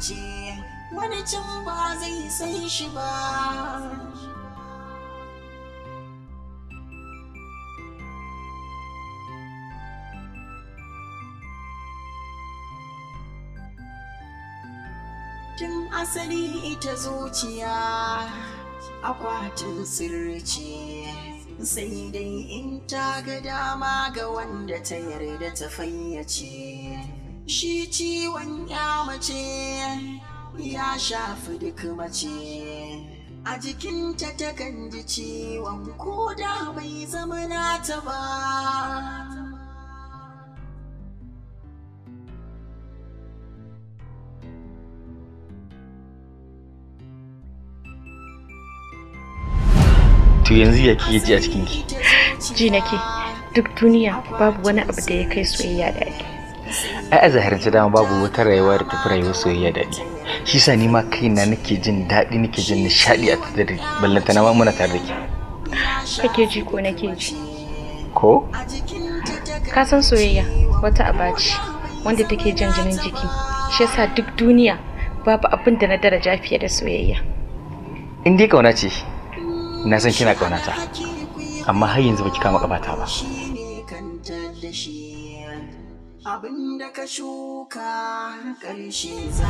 ce wani can ba zai san shi ba tun asali ita zuciya akwatin sirri ce sai dai in ta ga dama ga wanda ta yarda ta fayyace shi ciwon ya mace ya shafi duk mace a jikinta takan ji ciwon ko da bai zama nata ba to yanzu ya ke ji a cikinki ji nake duk duniya babu wani abu da ya kai soyayya daɗi ai a ta dama babu wata rayuwa da tafi rayuwar soyayya daɗi shi sa ni ma kaina nake jin daɗi nake jin nishaɗi a tare ballanta na ma muna tare da ke kake ji ko nake ji ko ka san soyayya wata abaci wanda take jan jinin jiki shi yasa duk duniya babu abin da na daraja fiye da soyayya in dai kauna ce na san kina kaunata amma har yanzu baki kama kabata ba abinda ka shuka ƙarshe za